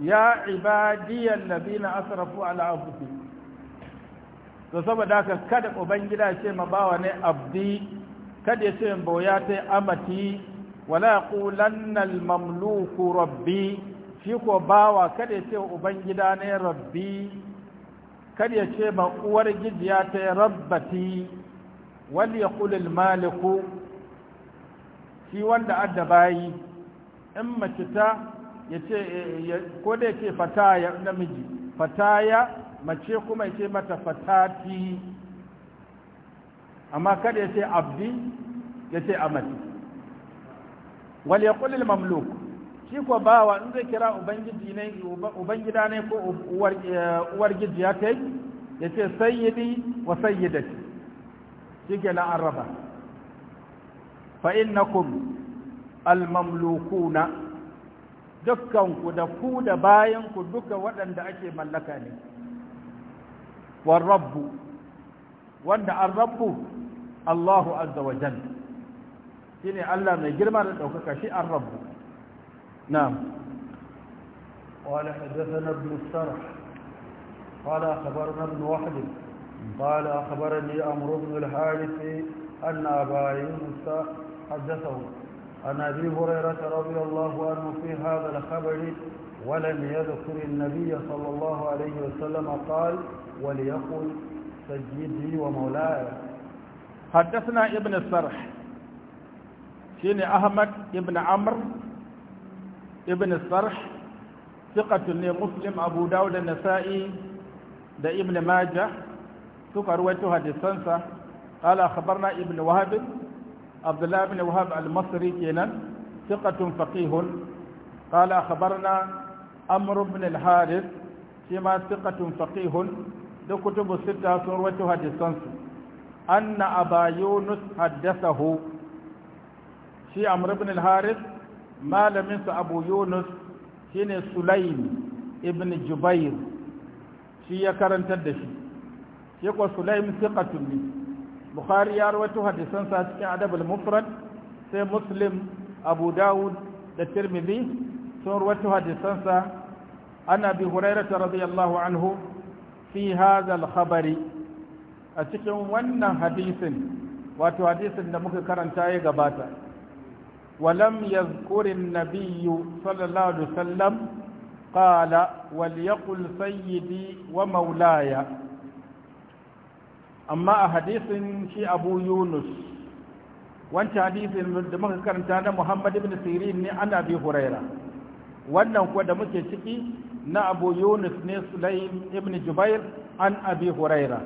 ya ibadiyal ladina asrafu ala anfusihim to saboda haka kada ubangida ce ma bawa ne abdi kada ya ce boya ta amati wala yaqulanna al mamluku rabbi shi ko bawa kada ya ce ubangida ne rabbi kar ya ce ba uwar gijiya ta rabbati wani ya kulil maliku shi wanda adda bayi in mace ta yace ko da ce fataya namiji fataya mace kuma ya ce mata fatati amma ya ce abdi ya yace amati ya kulil mamluku. shi kuwa bawa in zai kira ubangiji ubangida ne ko uwar eh, gidi ya kai ya ce sayyidi wa sayyidati shi ke na an raba fa innakum almamlukuna dukkanku da ku da bayanku duka waɗanda ake mallaka ne warrabbu wanda an rabbu Allahu azza wa shi shine Allah mai girma da ɗaukaka shi an rabbu نعم قال حدثنا ابن السرح قال أخبرنا ابن وحد قال أخبرني أمر بن الحارث أن أبا يونس حدثه عن أبي هريرة رضي الله عنه في هذا الخبر ولم يذكر النبي صلى الله عليه وسلم قال وليقل سيدي ومولاي حدثنا ابن السرح شيني أحمد ابن عمرو ibn sarh thiqatun ne muslim abu dawud da nasa'i da ibn majah suka ruwaito hadisansa qala akhbarna ibn wahab abdullah ibn wahab al-masri kenan thiqatun faqihun qala akhbarna amr ibn al-harith shima thiqatun faqihun da kutubu sita sun ruwaito hadisansa. anna aba yunus haddathahu shi amr ibn al-harith malaminsa abu yunus shine sulaim ibn jubair shi ya karantar da shi shi kuwa sulaim siqatun ne bukhari ya rawaito hadisan sa cikin adabul mufrad sai muslim abu dawud da tirmidhi sun rawaito hadisan sa ana bi radiyallahu anhu fi hadha al-khabari a cikin wannan hadisin wato hadisin da muka karanta ya gabata ولم يذكر النبي صلى الله عليه وسلم قال وليقل سيدي ومولاي أما حديث في أبو يونس وانت حديث دمك كرنتانا محمد بن سيرين عن أبي هريرة وانا وقد مكتشكي نا أبو يونس نسليم ابن جبير عن أبي هريرة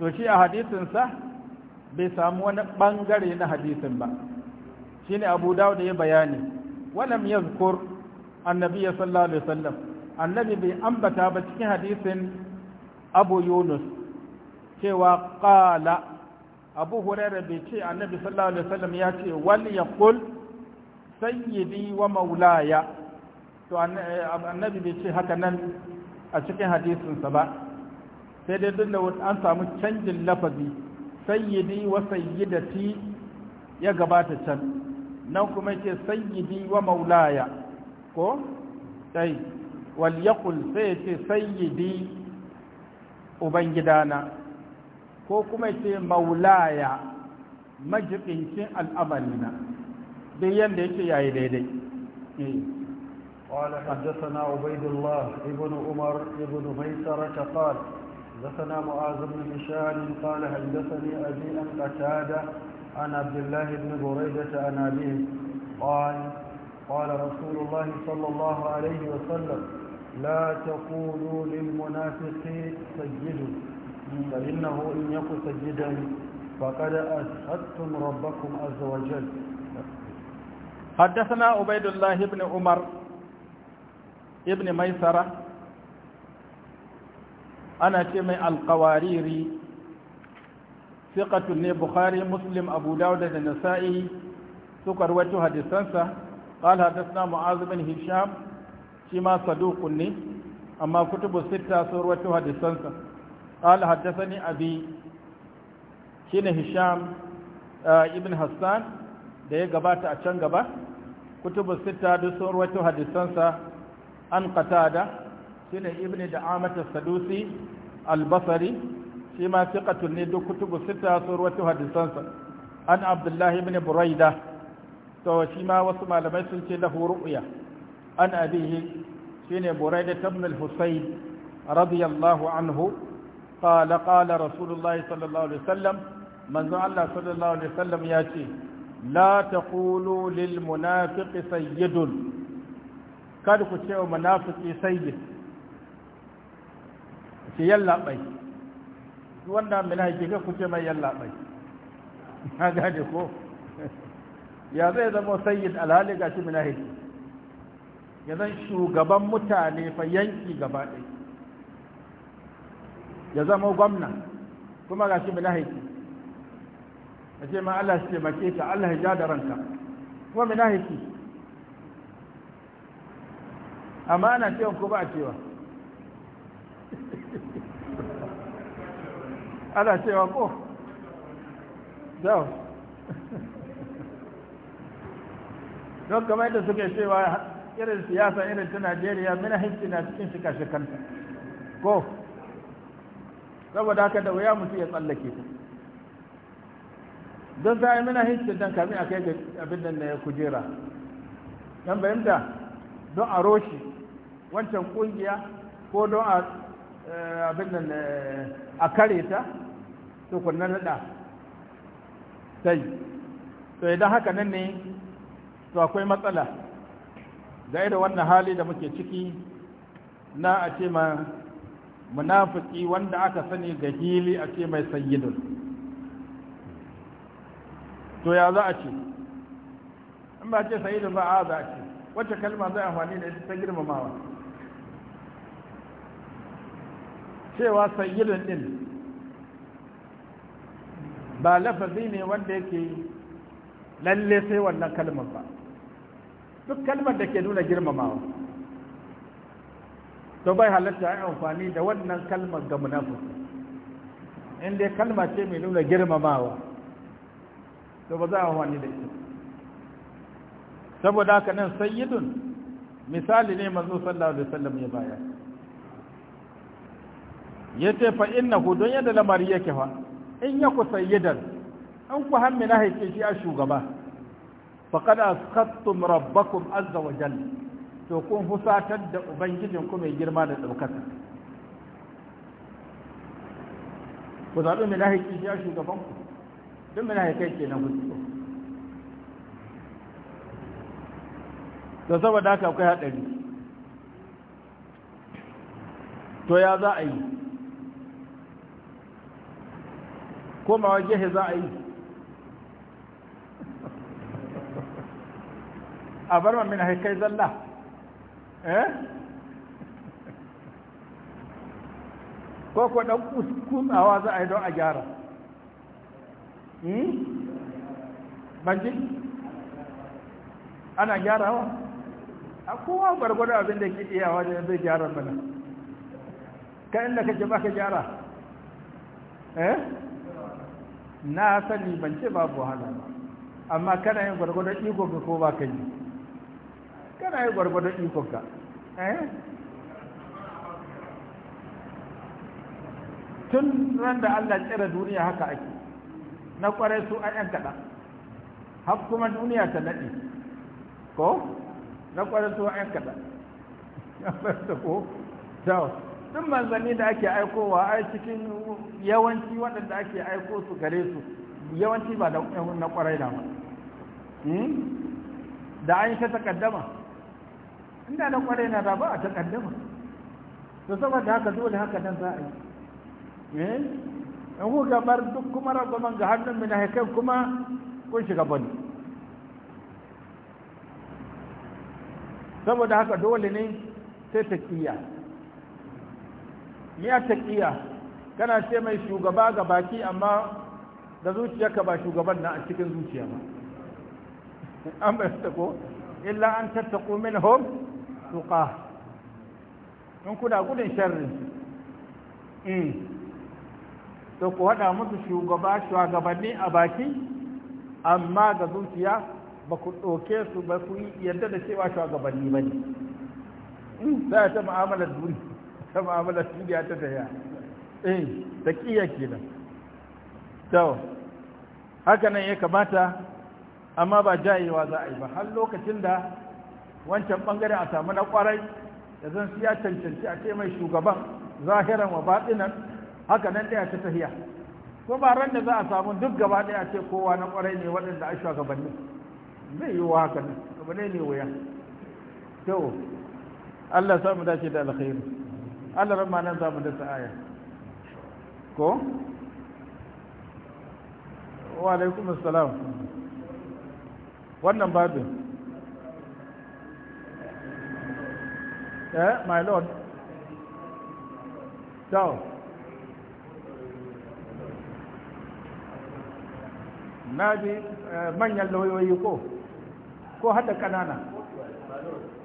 وشي shi صح بسامونا بانجرين حديث بانجرين shine abu dawud ya bayani walam yazkur annabi sallallahu alaihi wasallam annabi bai ambata ba cikin hadisin abu yunus cewa qala abu hurairah bai ce annabi sallallahu alaihi wasallam ya ce wal yaqul sayyidi wa maulaya to annabi bai ce haka nan a cikin hadisinsa ba sai dai duk da an samu canjin lafazi sayyidi wa sayyidati ya gabata can nan kuma yake sayyidi wa maulaya ko dai wal yaqul sai yace sayyidi ubangidana ko kuma yace maulaya majibincin al'amarina duk yanda yake yayi daidai قال حدثنا عبيد الله ابن عمر ابن ميسرة قال حدثنا معاذ بن هشام قال حدثني أبي أن قتادة عن عبد الله بن بريدة عن أبيه قال قال رسول الله صلى الله عليه وسلم لا تقولوا للمنافق سجدوا فإنه إن يكن سجدا فقد أسهدتم ربكم عز وجل حدثنا عبيد الله بن عمر ابن ميسرة أنا كمي القواريري siqatun ne bukhari muslim abu dawud da nasa'i suka rawaito hadisansa qala hadathna mu'az bin hisham shi ma saduqun ne amma kutubu sita sun rawaito hadisansa qala hadathani abi shine hisham ibn hassan da ya gabata a can gaba kutubu sita duk sun rawaito hadisansa an qatada shine ibn da'amata sadusi al-basri shi ma thiqatun ne duk kutubu sita sun rawaito hadisansa an abdullahi ibn buraida to shi ma wasu malamai sun ce lahu ru'ya an abihi ne buraida ibn al-husayn radiyallahu anhu قال قال رسول الله صلى الله عليه وسلم من الله صلى الله عليه وسلم ياتي لا تقولوا للمنافق kada ku ce wa munafiki sayyid ki yalla bai wanda mina yake ga kuce mai yalla mai na gade ko ya zai zama sayyid alhali ga shi mina yake ya zan shugaban mutane fa yanki gaba ɗai ya zama gwamna kuma ga shi mina yake a ce ma Allah shi taimake ka Allah ya da ranka kuma mina yake amma ana cewa ko ba a cewa ana cewa ko oh, don kama yadda suke cewa irin siyasa irin ta najeriya mina hinci na cikin shika-shikanta ko saboda haka da wuya mutu ya tsallake ta don ta yi mina hinci don kami a kai ga abin da ya kujera don bayanta don a roshi wancan kungiya ko don a Eh, abin nan eh, a kare ta tukunna naɗa sai to idan haka nan ne to akwai matsala ga irin wannan hali da muke ciki na a ce ma munafiki wanda aka sani ga hili a ce mai sayyidun to ya za a ce in ba ce sayyidun ba a za a ce wacce kalma zai amfani da ita ta girmamawa cewa sayyidun din ba lafazi ne wanda yake lalle sai wannan kalmar ba duk kalmar da ke nuna girmamawa to bai halatta ai amfani da wannan kalmar ga munafiki inda kalma ce mai nuna girmamawa to ba za a amfani da ita saboda haka nan sayyidun misali ne manzo sallallahu alaihi wasallam ya bayar ya ce fa ku don yadda lamari yake fa in ya ku sayyidan an ku na haike shi a shugaba faqad askhattum rabbakum azza wa jalla to kun husatar da ubangijin ku mai girma da daukaka ku zaɓi mai lahiki shi a shugaban ku don mai lahikai ke nan kusko da saboda haka akwai haɗari to ya za a yi komawa jihe za a yi a bar min haikai zalla eh ko ko dan kutsawa za a yi don a gyara hmm? banji ana gyarawa a kowa gwargwado abin da ke iyawa da zai gyara mana ka inda kake ba ka gyara eh na sani ban ce babu wahala ba amma kana yin gwargwadon ka, ko ba ka yi kana yin gwargwadon ka eh tun ran da Allah tsira duniya haka ake na kwarai su an yan kaɗan har kuma duniya ta naɗe ko na kwarai su an yan kaɗan ya <laughs> fahimta ko jawo duk manzanni da ake aikowa ai cikin yawanci waɗanda ake aiko su gare su yawanci ba da na ƙwarai da ba hmm? da an ta takaddama inda na ƙwarai na da ba a takaddama to saboda haka dole haka nan za a yi hmm? in ku gabar duk kuma rabban ga hannun mina haikai kuma kun shiga bani. saboda haka dole ne sai ta kiyaye ni a taƙiya kana ce mai shugaba ga baki amma da zuciyarka ba shugaban na a cikin zuciya ba an bayyanta ko illa an tattaku min hom tuƙa in kuna gudun sharri mm. to ku haɗa musu shugaba shugabanni a baki amma ga zuciya ba ku ɗauke su ba ku yarda da cewa shugabanni ba ne mm. za ta mu'amalar duniya ta ma'amala biya ta eh, ta eh ke kenan to haka nan ya kamata amma ba jayewa za a yi ba har lokacin da wancan bangare a samu na kwarai da zan siya cancanci a ce mai shugaban zahiran wa batinan haka nan ɗaya ta tahiya ko ba ran da za a samu duk gaba ɗaya ce kowa na kwarai ne waɗanda a shugabanni zai yi wa haka nan gabanai ne wuya to Allah samu dace da alkhairi Allah ran ma nan za dasa aya ko wa alaikum assalam wannan babin eh my lord so na ji eh, manyan lauyoyi ko ko hada kanana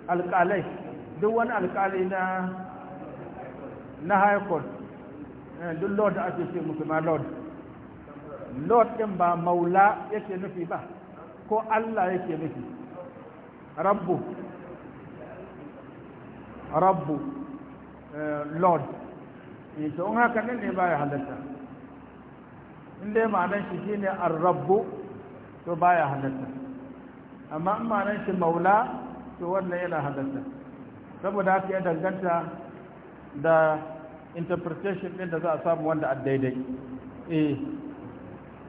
alƙalai duk wani alkalai na na high court eh, duk lord ake ce musu ma lord lord ɗin ba maula yake nufi ba ko allah yake nufi rabbu rabbu eh, lord eh, to in haka ne ba ya halatta in dai ma'anar shi shine ar-rabbu to ba ya halatta amma in ma'anar shi maula to wannan yana halatta saboda haka ya danganta da interpretation ɗin da za a samu wanda a daidai eh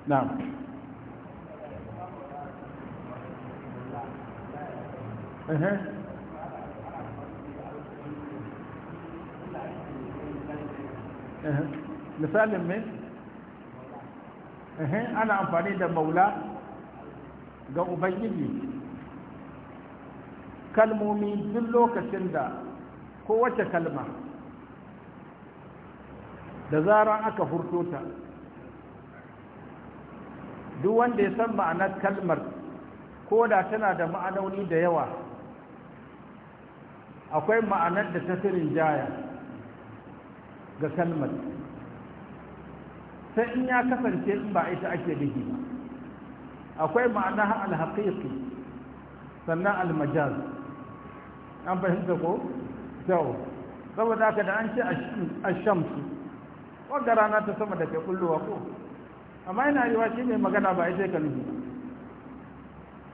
na misalin mai ana amfani da maula ga ubangiji kalmomi duk lokacin da kowace kalma da zaran aka furto ta duk wanda ya san ma'anar kalmar ko da tana da ma'anoni da yawa akwai ma'anar da ta firin jaya ga kalmar sai in ya kasance in ba ita ake bihi ba akwai ma'ana alhaƙiƙi sannan almajaz an fahimta ko? kyau saboda haka da an ce ashamsu wanda rana ta sama da kullu wa ko amma yana yiwa shi ne magana ba sai ka nufi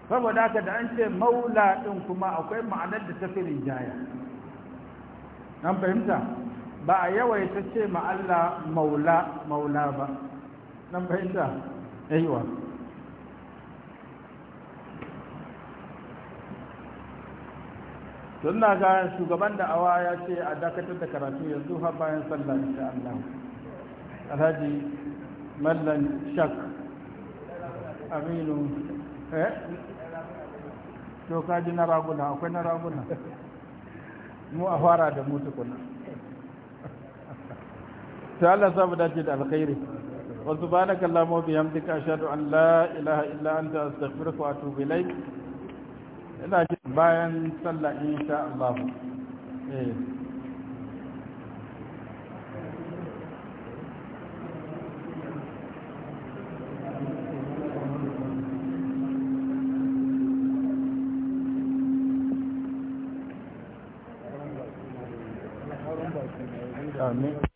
saboda haka da an ce maula din kuma akwai ma'anar da ta fi rinjaya an fahimta ba a yawaita ce ma maula maula ba nan fahimta aiwa tun na ga shugaban da awa ya ce a dakatar da karatu yanzu har bayan sallah insha Allah alhaji mallan shak aminu eh to kaji na raguna akwai na raguna mu a fara da mutu tukuna ta Allah sabu dace da alkhairi wa subhanaka allahumma wa bihamdika ashhadu an la ilaha illa anta astaghfiruka wa atubu ilaik ina jin bayan sallah insha Allah eh Amén.